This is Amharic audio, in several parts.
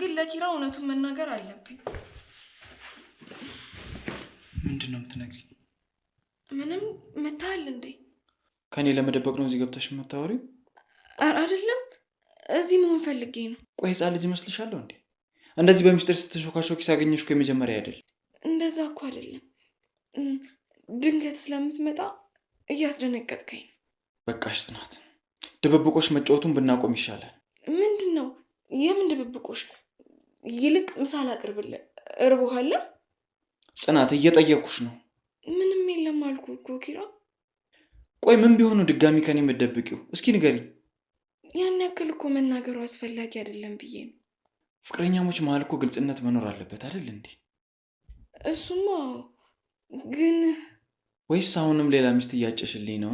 ግን ለኪራ እውነቱን መናገር አለብኝ። ምንድን ነው የምትነግሪኝ? ምንም መታል እንዴ? ከእኔ ለመደበቅ ነው እዚህ ገብተሽ የምታወሪው? ኧረ አይደለም፣ እዚህ መሆን ፈልጌ ነው። ቆይ ህፃን ልጅ ይመስልሻለሁ እንዴ? እንደዚህ በሚስጥር ስትሾካሾኪ ሳገኘሽ የመጀመሪያ አይደለም። እንደዛ እኮ አይደለም፣ ድንገት ስለምትመጣ እያስደነገጥከኝ ነው። በቃሽ ጽናት፣ ድብብቆሽ መጫወቱን ብናቆም ይሻላል። ምንድን ነው የምን ድብብቆሽ ነው? ይልቅ ምሳል አቅርብል እርቦሃል? ጽናት፣ እየጠየኩሽ ነው። ምንም የለም አልኩ እኮ ኪራ። ቆይ ምን ቢሆኑ ድጋሚ ከኔ የምትደብቂው? እስኪ ንገሪ ያን ያክል እኮ መናገሩ አስፈላጊ አይደለም ብዬ ነው። ፍቅረኛሞች መሀል እኮ ግልጽነት መኖር አለበት አይደል እንዴ? እሱማ ግን ወይስ አሁንም ሌላ ሚስት እያጨሽልኝ ነው?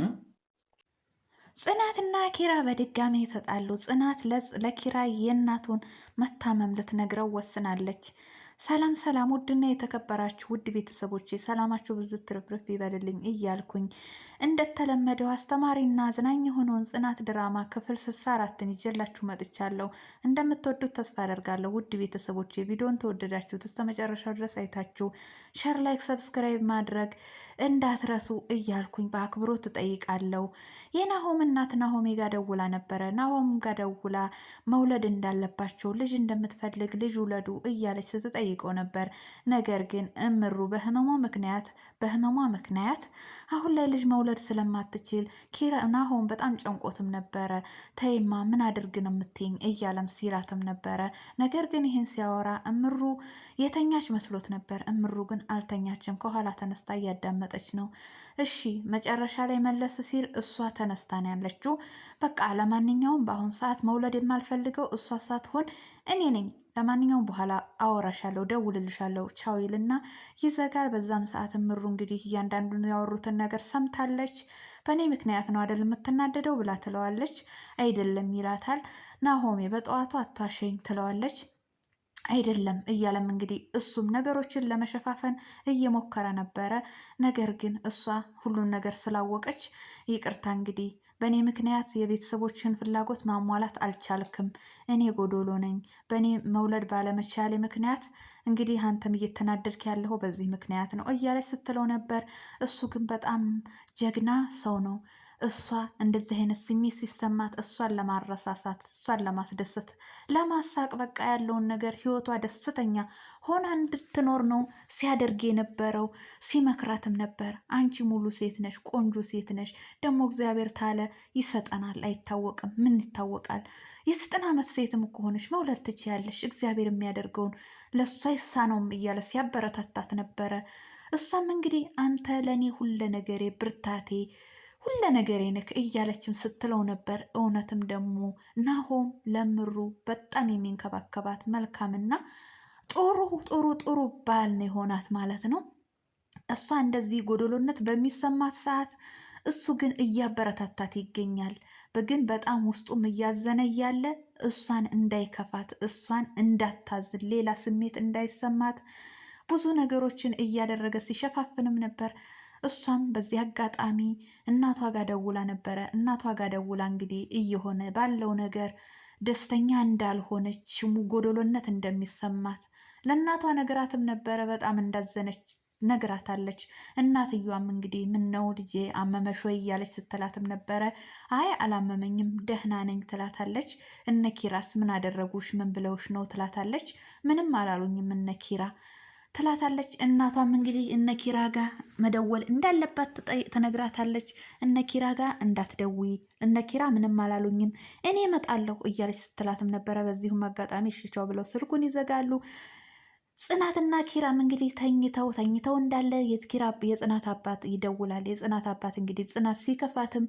ጽናትና ኪራ በድጋሚ ተጣሉ። ጽናት ለኪራ የእናቱን መታመም ልትነግረው ወስናለች። ሰላም ሰላም፣ ውድና የተከበራችሁ ውድ ቤተሰቦች ሰላማችሁ ብዙ ትርፍርፍ ይበልልኝ እያልኩኝ እንደተለመደው አስተማሪና አዝናኝ የሆነውን ጽናት ድራማ ክፍል ስልሳ አራትን ይዤላችሁ መጥቻለሁ። እንደምትወዱት ተስፋ አደርጋለሁ። ውድ ቤተሰቦች ቪዲዮን ተወደዳችሁት እስከ መጨረሻው ድረስ አይታችሁ ሸር፣ ላይክ፣ ሰብስክራይብ ማድረግ እንዳትረሱ እያልኩኝ በአክብሮት እጠይቃለሁ። የናሆም እናት ናሆሜ ጋ ደውላ ነበረ። ናሆም ጋ ደውላ መውለድ እንዳለባቸው ልጅ እንደምትፈልግ ልጅ ውለዱ እያለች ስትጠይቅ ጠይቀው ነበር። ነገር ግን እምሩ በህመሟ ምክንያት በህመሟ ምክንያት አሁን ላይ ልጅ መውለድ ስለማትችል ናሆን በጣም ጨንቆትም ነበረ። ተይማ ምን አድርግ ነው የምትይኝ እያለም ሲራትም ነበረ። ነገር ግን ይህን ሲያወራ እምሩ የተኛች መስሎት ነበር። እምሩ ግን አልተኛችም። ከኋላ ተነስታ እያዳመጠች ነው። እሺ መጨረሻ ላይ መለስ ሲል እሷ ተነስታ ነው ያለችው በቃ ለማንኛውም በአሁን ሰዓት መውለድ የማልፈልገው እሷ ሳትሆን እኔ ነኝ ለማንኛውም በኋላ አወራሻለሁ፣ ደውልልሻለሁ ቻው ይልና ይዘጋል። በዛም ሰዓት ምሩ እንግዲህ እያንዳንዱን ያወሩትን ነገር ሰምታለች። በእኔ ምክንያት ነው አደል የምትናደደው ብላ ትለዋለች። አይደለም ይላታል። ናሆሜ በጠዋቱ አቷሸኝ ትለዋለች። አይደለም እያለም እንግዲህ እሱም ነገሮችን ለመሸፋፈን እየሞከረ ነበረ። ነገር ግን እሷ ሁሉን ነገር ስላወቀች ይቅርታ እንግዲህ በእኔ ምክንያት የቤተሰቦችን ፍላጎት ማሟላት አልቻልክም። እኔ ጎዶሎ ነኝ። በእኔ መውለድ ባለመቻሌ ምክንያት እንግዲህ አንተም እየተናደድክ ያለኸው በዚህ ምክንያት ነው እያለች ስትለው ነበር። እሱ ግን በጣም ጀግና ሰው ነው። እሷ እንደዚህ አይነት ስሜት ሲሰማት እሷን ለማረሳሳት እሷን ለማስደሰት ለማሳቅ በቃ ያለውን ነገር ህይወቷ ደስተኛ ሆና እንድትኖር ነው ሲያደርግ የነበረው። ሲመክራትም ነበር። አንቺ ሙሉ ሴት ነሽ፣ ቆንጆ ሴት ነሽ። ደግሞ እግዚአብሔር ታለ ይሰጠናል፣ አይታወቅም። ምን ይታወቃል? የዘጠና ዓመት ሴትም ከሆነች ሆነሽ መውለድ ትችያለሽ። እግዚአብሔር የሚያደርገውን ለእሷ ይሳነውም እያለ ሲያበረታታት ነበረ። እሷም እንግዲህ አንተ ለእኔ ሁለ ነገሬ ብርታቴ ሁለ ነገር ነክ እያለችም ስትለው ነበር። እውነትም ደግሞ ናሆም ለምሩ በጣም የሚንከባከባት መልካምና ጥሩ ጥሩ ጥሩ ባል ነው የሆናት ማለት ነው። እሷ እንደዚህ ጎደሎነት በሚሰማት ሰዓት እሱ ግን እያበረታታት ይገኛል። ግን በጣም ውስጡም እያዘነ እያለ እሷን እንዳይከፋት፣ እሷን እንዳታዝን፣ ሌላ ስሜት እንዳይሰማት ብዙ ነገሮችን እያደረገ ሲሸፋፍንም ነበር። እሷም በዚህ አጋጣሚ እናቷ ጋር ደውላ ነበረ። እናቷ ጋር ደውላ እንግዲህ እየሆነ ባለው ነገር ደስተኛ እንዳልሆነች ጎዶሎነት እንደሚሰማት ለእናቷ ነግራትም ነበረ። በጣም እንዳዘነች ነግራታለች። እናትየዋም እንግዲህ ምነው ልጄ አመመሽ ወይ እያለች ስትላትም ነበረ። አይ አላመመኝም፣ ደህና ነኝ ትላታለች። እነ ኪራስ ምን አደረጉሽ? ምን ብለውሽ ነው ትላታለች። ምንም አላሉኝም እነ ኪራ ትላታለች። እናቷም እንግዲህ እነ ኪራ መደወል እንዳለባት ትነግራታለች። እነ ኪራ ጋ እንዳትደዊ፣ እነ ኪራ ምንም አላሉኝም እኔ እመጣለሁ እያለች ስትላትም ነበረ። በዚሁም አጋጣሚ ሽቻው ብለው ስልኩን ይዘጋሉ። ጽናትና ኪራም እንግዲህ ተኝተው ተኝተው እንዳለ የኪራ የጽናት አባት ይደውላል። የጽናት አባት እንግዲህ ጽናት ሲከፋትም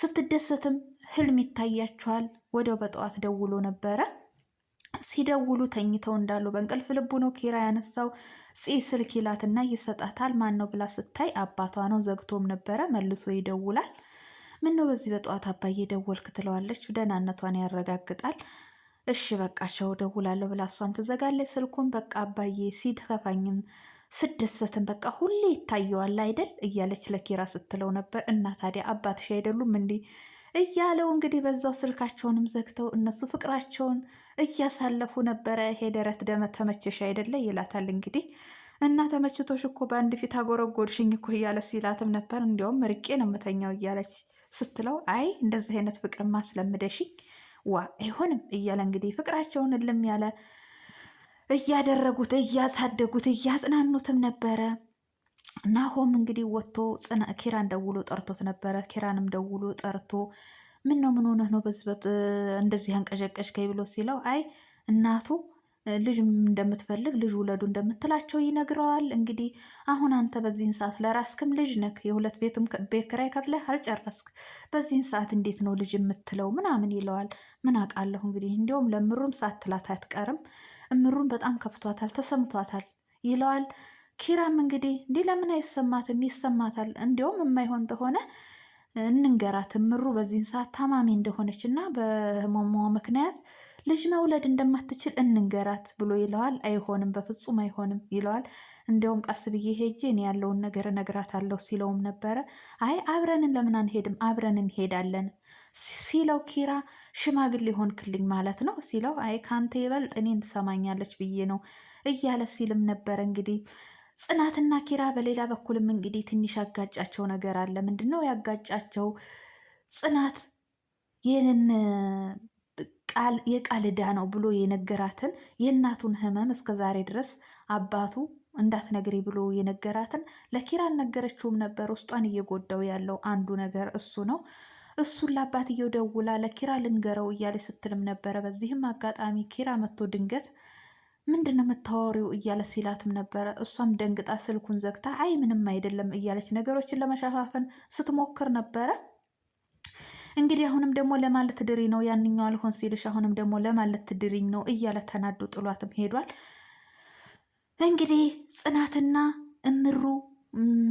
ስትደሰትም ህልም ይታያቸዋል። ወደው በጠዋት ደውሎ ነበረ። ሲደውሉ ተኝተው እንዳሉ በእንቅልፍ ልቡ ነው ኪራ ያነሳው። ፂ ስልክ ይላትና ይሰጣታል። ማን ነው ብላ ስታይ አባቷ ነው። ዘግቶም ነበረ መልሶ ይደውላል። ምን ነው በዚህ በጠዋት አባዬ ደወልክ? ትለዋለች። ደህናነቷን ያረጋግጣል። እሺ በቃ ቸው ደውላለሁ ብላ እሷም ትዘጋለች ስልኩን። በቃ አባዬ ሲከፋኝም ስደሰትን በቃ ሁሌ ይታየዋል አይደል እያለች ለኪራ ስትለው ነበር። እና ታዲያ አባትሽ አይደሉም እንዲህ እያለው እንግዲህ በዛው ስልካቸውንም ዘግተው እነሱ ፍቅራቸውን እያሳለፉ ነበረ። ሄደረት ደመ ተመቸሽ አይደለ ይላታል እንግዲህ እና ተመችቶሽ እኮ በአንድ ፊት አጎረጎድሽኝ እኮ እያለ ሲላትም ነበር። እንዲያውም ርቄ ነው የምተኛው እያለች ስትለው አይ እንደዚህ አይነት ፍቅርማ ስለምደሽኝ ዋ አይሆንም እያለ እንግዲህ ፍቅራቸውን እልም ያለ እያደረጉት እያሳደጉት እያጽናኑትም ነበረ። ናሆም እንግዲህ ወጥቶ ኪራን ደውሎ ጠርቶት ነበረ። ኪራንም ደውሎ ጠርቶ ምን ነው ምን ሆነህ ነው በዝበት እንደዚህ አንቀዠቀዥ ከይ ብሎ ሲለው አይ እናቱ ልጅ እንደምትፈልግ ልጅ ውለዱ እንደምትላቸው ይነግረዋል። እንግዲህ አሁን አንተ በዚህን ሰዓት ለራስክም ልጅ ነክ የሁለት ቤትም ቤት ኪራይ ከፍለህ አልጨረስክ፣ በዚህን ሰዓት እንዴት ነው ልጅ የምትለው ምናምን ይለዋል። ምን አውቃለሁ እንግዲህ እንዲሁም ለምሩም ሳትላት አትቀርም። እምሩም በጣም ከፍቷታል፣ ተሰምቷታል ይለዋል። ኪራም እንግዲህ እንዲህ ለምን አይሰማትም? ይሰማታል። እንዲሁም የማይሆን ተሆነ እንንገራት እምሩ በዚህን ሰዓት ታማሚ እንደሆነች እና በህመሟ ምክንያት ልጅ መውለድ እንደማትችል እንንገራት ብሎ ይለዋል። አይሆንም፣ በፍጹም አይሆንም ይለዋል። እንዲያውም ቀስ ብዬ ሄጄ እኔ ያለውን ነገር እነግራታለሁ ሲለውም ነበረ። አይ አብረንን ለምን አንሄድም? አብረን እንሄዳለን ሲለው ኪራ ሽማግሌ ሆንክልኝ ማለት ነው ሲለው፣ አይ ከአንተ ይበልጥ እኔን ትሰማኛለች ብዬ ነው እያለ ሲልም ነበረ እንግዲህ ጽናትና ኪራ በሌላ በኩልም እንግዲህ ትንሽ ያጋጫቸው ነገር አለ። ምንድን ነው ያጋጫቸው? ጽናት ይህንን ቃል የቃል ዕዳ ነው ብሎ የነገራትን የእናቱን ህመም እስከ ዛሬ ድረስ አባቱ እንዳትነግሪ ብሎ የነገራትን ለኪራ አልነገረችውም ነበር። ውስጧን እየጎዳው ያለው አንዱ ነገር እሱ ነው። እሱን ለአባትየው ደውላ ለኪራ ልንገረው እያለች ስትልም ነበረ። በዚህም አጋጣሚ ኪራ መጥቶ ድንገት ምንድን ነው የምታወሪው እያለ ሲላትም ነበረ። እሷም ደንግጣ ስልኩን ዘግታ አይ ምንም አይደለም እያለች ነገሮችን ለመሸፋፈን ስትሞክር ነበረ። እንግዲህ አሁንም ደግሞ ለማለት ድሪ ነው ያንኛው አልሆን ሲልሽ አሁንም ደግሞ ለማለት ድሪኝ ነው እያለ ተናዶ ጥሏትም ሄዷል። እንግዲህ ጽናትና እምሩ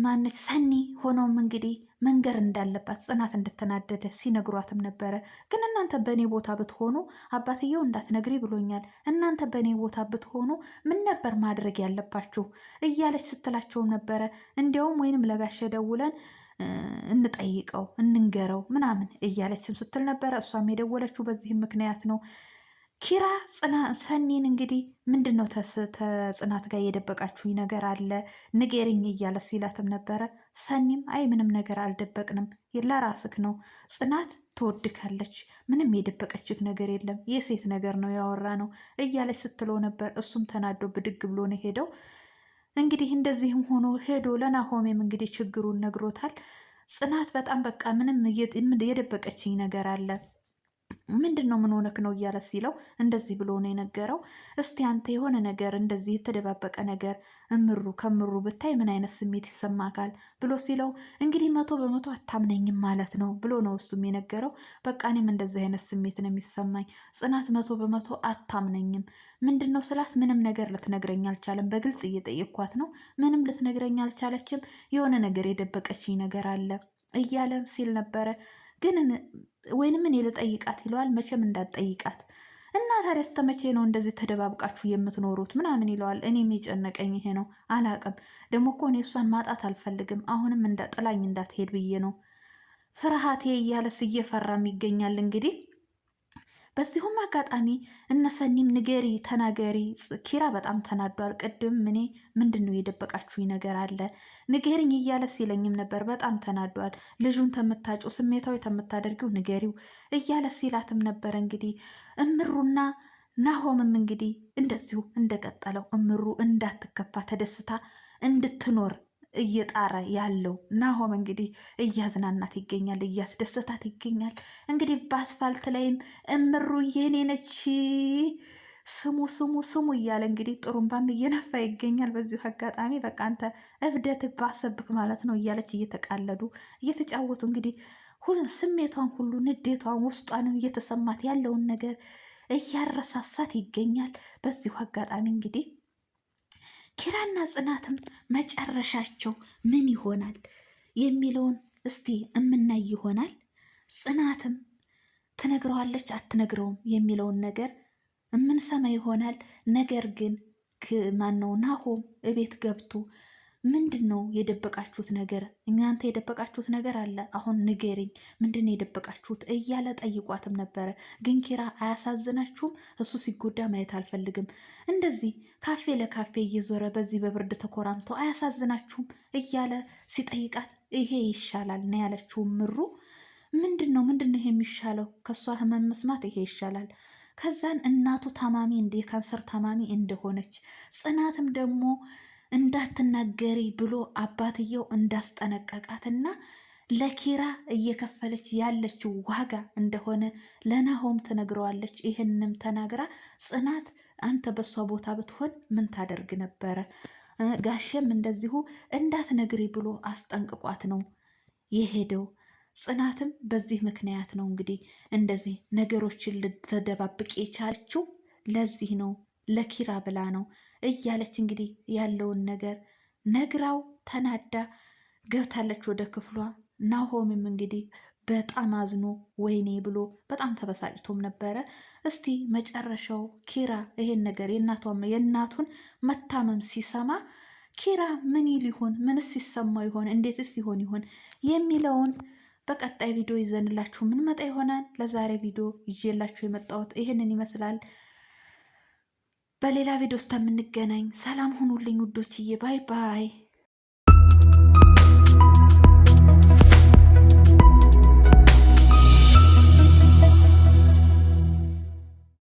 ማነች ሰኒ ሆኖም እንግዲህ መንገር እንዳለባት ጽናት እንድትናደደ ሲነግሯትም ነበረ። ግን እናንተ በእኔ ቦታ ብትሆኑ አባትየው እንዳትነግሪ ብሎኛል። እናንተ በእኔ ቦታ ብትሆኑ ምን ነበር ማድረግ ያለባችሁ እያለች ስትላቸውም ነበረ። እንዲያውም ወይንም ለጋሸ ደውለን እንጠይቀው እንንገረው ምናምን እያለችም ስትል ነበረ። እሷም የደወለችው በዚህም ምክንያት ነው። ኪራ ሰኒን እንግዲህ ምንድን ነው ተጽናት ጋር የደበቃችሁኝ ነገር አለ ንገርኝ እያለ ሲላትም ነበረ። ሰኒም አይ ምንም ነገር አልደበቅንም፣ ለራስክ ነው ጽናት ትወድካለች፣ ምንም የደበቀችክ ነገር የለም፣ የሴት ነገር ነው ያወራ ነው እያለች ስትለው ነበር። እሱም ተናዶ ብድግ ብሎ ነው ሄደው እንግዲህ እንደዚህም ሆኖ ሄዶ ለናሆሜም እንግዲህ ችግሩን ነግሮታል። ጽናት በጣም በቃ ምንም የደበቀችኝ ነገር አለ ምንድን ነው ምን ሆነክ ነው እያለ ሲለው እንደዚህ ብሎ ነው የነገረው። እስቲ አንተ የሆነ ነገር እንደዚህ የተደባበቀ ነገር እምሩ ከምሩ ብታይ ምን አይነት ስሜት ይሰማካል ብሎ ሲለው እንግዲህ መቶ በመቶ አታምነኝም ማለት ነው ብሎ ነው እሱም የነገረው። በቃ እኔም እንደዚህ አይነት ስሜት ነው የሚሰማኝ ጽናት መቶ በመቶ አታምነኝም። ምንድን ነው ስላት ምንም ነገር ልትነግረኝ አልቻለም። በግልጽ እየጠየኳት ነው። ምንም ልትነግረኝ አልቻለችም። የሆነ ነገር የደበቀችኝ ነገር አለ እያለም ሲል ነበረ ግን ወይንም እኔ ልጠይቃት ይለዋል። መቼም እንዳትጠይቃት እና ታዲያ እስከ መቼ ነው እንደዚህ ተደባብቃችሁ የምትኖሩት? ምናምን ይለዋል። እኔ የሚጨነቀኝ ይሄ ነው። አላቅም ደግሞ እኮ እኔ እሷን ማጣት አልፈልግም። አሁንም ጥላኝ እንዳትሄድ ብዬ ነው ፍርሃቴ እያለስ እየፈራም ይገኛል እንግዲህ በዚሁም አጋጣሚ እነሰኒም ንገሪ ተናገሪ፣ ኪራ በጣም ተናዷል። ቅድም እኔ ምንድን ነው የደበቃችሁ ነገር አለ ንገሪኝ እያለ ሲለኝም ነበር። በጣም ተናዷል። ልጁን ተምታጩ ስሜታዊ ተምታደርጊው ንገሪው እያለ ሲላትም ነበር። እንግዲህ እምሩና ናሆምም እንግዲህ እንደዚሁ እንደቀጠለው እምሩ እንዳትከፋ ተደስታ እንድትኖር እየጣረ ያለው ናሆም እንግዲህ እያዝናናት ይገኛል፣ እያስደሰታት ይገኛል። እንግዲህ በአስፋልት ላይም እምሩ የኔ ነች ስሙ ስሙ ስሙ እያለ እንግዲህ ጥሩምባም እየነፋ ይገኛል። በዚሁ አጋጣሚ በቃ አንተ እብደት ባሰብክ ማለት ነው እያለች እየተቃለዱ እየተጫወቱ እንግዲህ ስሜቷን ሁሉ ንዴቷን፣ ውስጧንም እየተሰማት ያለውን ነገር እያረሳሳት ይገኛል። በዚሁ አጋጣሚ እንግዲህ ኪራና ጽናትም መጨረሻቸው ምን ይሆናል የሚለውን እስቲ እምናይ ይሆናል። ጽናትም ትነግረዋለች አትነግረውም የሚለውን ነገር እምንሰማ ይሆናል። ነገር ግን ማነው ናሆም እቤት ገብቶ ምንድን ነው የደበቃችሁት ነገር? እናንተ የደበቃችሁት ነገር አለ፣ አሁን ንገሪኝ፣ ምንድን ነው የደበቃችሁት እያለ ጠይቋትም ነበረ። ግን ኪራ አያሳዝናችሁም? እሱ ሲጎዳ ማየት አልፈልግም። እንደዚህ ካፌ ለካፌ እየዞረ በዚህ በብርድ ተኮራምቶ አያሳዝናችሁም? እያለ ሲጠይቃት ይሄ ይሻላል ነው ያለችው ምሩ። ምንድን ነው ምንድን ነው የሚሻለው? ከእሷ ህመም መስማት ይሄ ይሻላል። ከዛን እናቱ ታማሚ የካንሰር ታማሚ እንደሆነች ጽናትም ደግሞ እንዳትናገሪ ብሎ አባትየው እንዳስጠነቀቃትና ለኪራ እየከፈለች ያለችው ዋጋ እንደሆነ ለናሆም ትነግረዋለች። ይህንም ተናግራ ጽናት አንተ በእሷ ቦታ ብትሆን ምን ታደርግ ነበረ? ጋሸም እንደዚሁ እንዳትነግሪ ብሎ አስጠንቅቋት ነው የሄደው። ጽናትም በዚህ ምክንያት ነው እንግዲህ እንደዚህ ነገሮችን ልትደባብቅ የቻለችው ለዚህ ነው። ለኪራ ብላ ነው እያለች እንግዲህ ያለውን ነገር ነግራው ተናዳ ገብታለች ወደ ክፍሏ። ናሆምም እንግዲህ በጣም አዝኖ ወይኔ ብሎ በጣም ተበሳጭቶም ነበረ። እስቲ መጨረሻው ኪራ ይሄን ነገር የእናቱን መታመም ሲሰማ ኪራ ምን ይል ይሆን? ምንስ ሲሰማ ይሆን? እንዴትስ ይሆን ይሆን የሚለውን በቀጣይ ቪዲዮ ይዘንላችሁ ምንመጣ ይሆናል። ለዛሬ ቪዲዮ ይዤላችሁ የመጣሁት ይህንን ይመስላል። በሌላ ቪዲዮ ውስጥ የምንገናኝ። ሰላም ሁኑልኝ ውዶችዬ፣ ባይ ባይ።